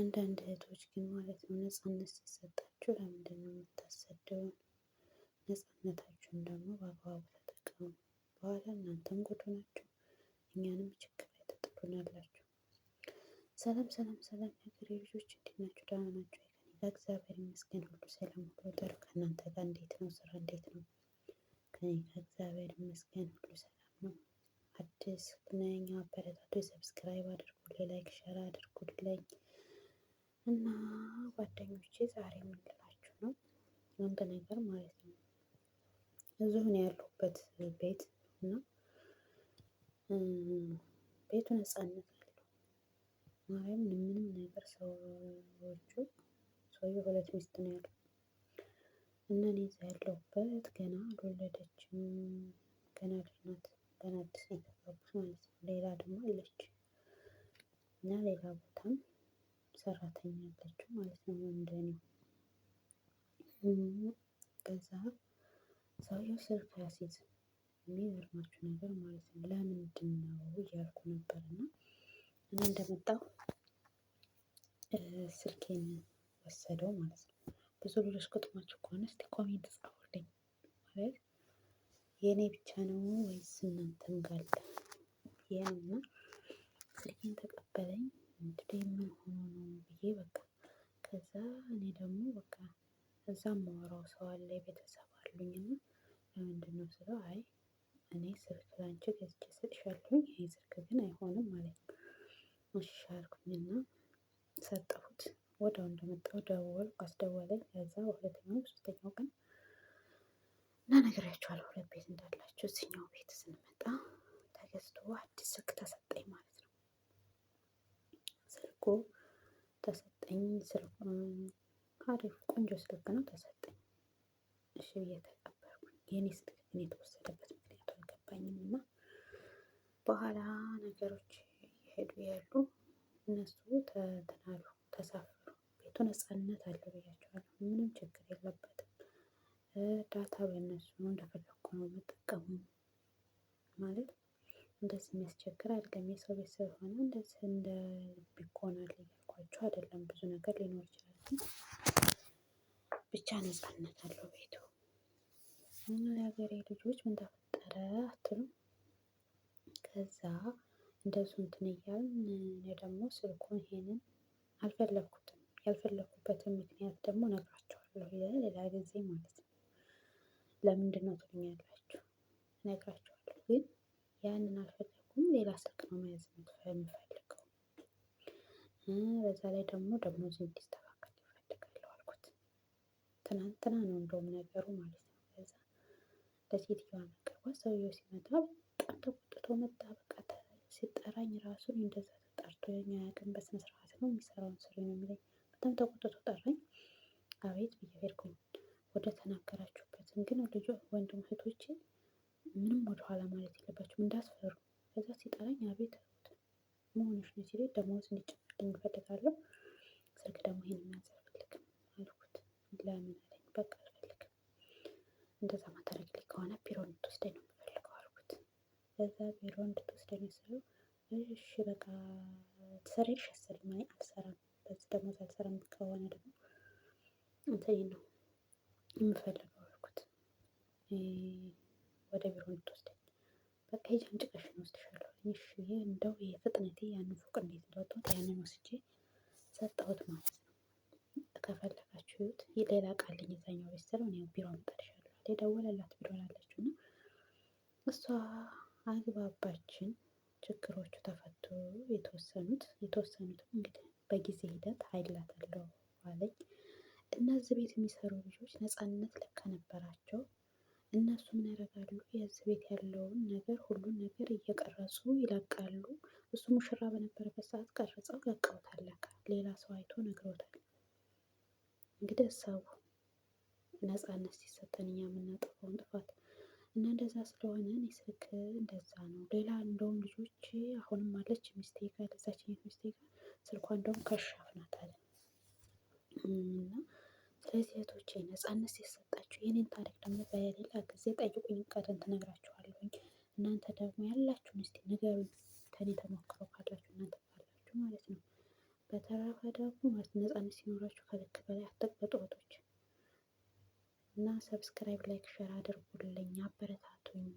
አንዳንድ እህቶች ግን ማለት ነው ነፃነት ሲሰጣቸው ለምንድን ነው የምታሰደውን? ነፃነታችሁን ደግሞ በአግባቡ ተጠቀሙ። በኋላ እናንተም ጉዱ ናቸው እኛንም ችግር ላይ ትጥሉናላችሁ። ሰላም ሰላም ሰላም ሀገሬ ልጆች እንዴት ናችሁ? ደህና ናችሁ? እግዚአብሔር ይመስገን ሁሉ ሰላም ሁሉ ጥሩ። ከእናንተ ጋር እንዴት ነው? ስራ እንዴት ነው? ከኔ ጋር እግዚአብሔር ይመስገን ሁሉ ሰላም ነው። አዲስ ነኝ፣ አበረታቱ፣ ሰብስክራይብ አድርጉልኝ፣ ላይክ ሸር አድርጉልኝ። እና ጓደኞቼ ዛሬ ምን ነው አንድ ነገር ማለት ነው። እዚሁ ነው ያለሁበት ቤት እና ቤቱ ነጻነት አለው። ማርያም ምንም ነገር ሰዎቹ ሰውየ ሁለት ሚስት ነው ያለው እና እኔ እዛ ያለሁበት ገና አልወለደችም። ገና ልጅ ገና አዲስ ነው የተጋቡት ማለት ነው። ሌላ ደግሞ አለች እና ሌላ ቦታም ሰራተኛ አለችው ማለት ነው። እንደኔ ከዛ ሰውየው ስልክ ያሲዝ የሚገርማችሁ ነገር ማለት ነው። ለምንድን ነው እያልኩ ነበር እና እኔ እንደመጣሁ ስልኬን ወሰደው ማለት ነው። ብዙ ልጆች ገጥሟችሁ ከሆነ እስቲ ኮሜንት ጻፉልኝ ማለት የእኔ ብቻ ነው ወይስ እናንተም ጋር አለ? ይህንና ስልኬን ተቀበለኝ። እንግዲህ ምን ሆኖ ነው ብዬ በቃ ከዛ እኔ ደግሞ በቃ እዛ የማወራው ሰው አለ ቤተሰብ አሉኝ እና ነው ስለው አይ እኔ ስልክ ላንቺ ገዝቼ ሰጥሻለሁኝ ይሄ ስልክ ግን አይሆንም ማለት ነው። እሺ እና ሰጠሁት ወዲያው እንደመጣሁ ደወልኩ አስደወለኝ ከዛ ሁለተኛው ሶስተኛው ቀን እና ነግሬያችኋለሁ ሁለት ቤት እንዳላችሁ እዚህኛው ቤት ስንመጣ ተገዝቶ አዲስ ስልክ ተሰጠ ስልኩ ተሰጠኝ። ስልኩ አሪፍ ቆንጆ ስልክ ነው ተሰጠኝ። እሺ ብዬ ተቀበልኩኝ። የኔ ስልክ ግን የተወሰደበት ምክንያቱ አልገባኝም እና በኋላ ነገሮች እየሄዱ ያሉ እነሱ ተተናሉ ተሳፈሩ። ቤቱ ነፃነት አለው ብያቸዋለሁ። ምንም ችግር የለበትም። ዳታ በእነሱ እንደዚህ የሚያስቸግር አይደለም። የሰው ቤት ስለሆነ እንደዚህ እንደ ይሆናል እያልኳችሁ አይደለም። ብዙ ነገር ሊኖር ይችላል። ግን ብቻ ነፃነት አለው ቤቱ። የሀገሬ ልጆች ምን ተፈጠረ አትሉም? ከዛ እንደሱ እንትን እያልን እኔ ደግሞ ስልኩን ይሄንን አልፈለግኩትም። ያልፈለግኩበትን ምክንያት ደግሞ እነግራችኋለሁ ሌላ ጊዜ ማለት ነው። ለምንድን ነው ትሉኛላችሁ? እነግራችኋለሁ ግን ያንን አልፈለኩም ሌላ ስልክ ነው መያዝ የምፈልገው። በዛ ላይ ደግሞ ደሞዜ እንዲስተካከል እፈልጋለሁ አልኩት። ትናንትና ነው እንደውም ነገሩ ማለት ነው። ከዛ ለሴትዮዋ ነገርኳት። ሰውየው ሲመጣ በጣም ተቆጥቶ መጣ። በቃ ሲጠራኝ ራሱን እንደዛ ተጣርቶኝ አያውቅም። በስነ ስርዓት ነው የሚሰራውን ስራ ነው የሚለኝ። በጣም ተቆጥቶ ጠራኝ። አቤት ብዬ ሄድኩኝ። ወደ ተናገራችሁበትን ግን ልጆች ወንድም እህቶቼ ምንም ወደኋላ ማለት የለባቸውም፣ እንዳስፈሩ። ከዛ ሲጠራኝ አቤት መሆንሽ ነው ሲለኝ ደሞዝ እንዲጨመርልኝ እፈልጋለሁ። ስልክ ደግሞ ይሄን መያዝ አልፈልግም አልኩት። ለምን አለኝ። በቃ አልፈልግም እንደዛ ማታረግልኝ ከሆነ ቢሮ እንድትወስደኝ ነው የምፈልገው አልኩት። ከዛ ቢሮ እንድትወስደኝ ስለው እሺ በቃ ትሰሪልሽ አሰሪኝ አይ አልሰራም፣ በዚህ ደሞዝ አልሰራም ከሆነ ደግሞ እንትን ነው የምፈልገው አልኩት። ወደ ቢሮ እንድትወስደኝ በቃ ሂጂ አንጭቀሽን ወስድሻለሁ። እሺ ይሄ እንደው ይሄ የፍጥነቴ ያንን ፎቅ እንዴት እንደወጣሁት ያንን ወስጄ ሰጠሁት ማለት ነው። ከፈለጋችሁት ሌላ ቃልኝ የዛኛው ቤት እኔ ቢሮ አመጣልሻለሁ የደወለላት ቢሮ ላለችው እና እሷ አግባባችን። ችግሮቹ ተፈቱ። የተወሰኑት የተወሰኑት እንግዲህ በጊዜ ሂደት ሀይላት አለው አለኝ። እነዚህ ቤት የሚሰሩ ልጆች ነፃነት ለካ ነበራቸው። እነሱ ምን ያደርጋሉ? የዚህ ቤት ያለውን ነገር ሁሉን ነገር እየቀረጹ ይለቃሉ። እሱ ሙሽራ በነበረበት ሰዓት ቀርጸው ለቀውታል። ሌላ ሰው አይቶ ነግሮታል። እንግዲህ ሰው ነፃነት ሲሰጠን እኛ የምናጠፋውን ጥፋት እና እንደዛ ስለሆነ እኔ ስልክ እንደዛ ነው። ሌላ እንደውም ልጆች አሁንም አለች ሚስቴክ ያለዛችን ሚስቴክ ስልኳ እንደውም ከሻፍናታል እና ስለዚህ እህቶቼ ነፃነት ሲሰጠን ሌላ ጊዜ ጠይቁኝ ቀደም ትነግራችኋለሁኝ። እናንተ ደግሞ ያላችሁን እስቲ ነገሩ ከኔ ተሞክሮ ካላችሁ እናንተ ካላችሁ ማለት ነው። በተረፈ ደግሞ ማለት ነፃነት ሲኖራችሁ ከልክ በላይ አትቅጡ እህቶች። እና ሰብስክራይብ፣ ላይክ፣ ሸር አድርጉልኝ አበረታቱኝ።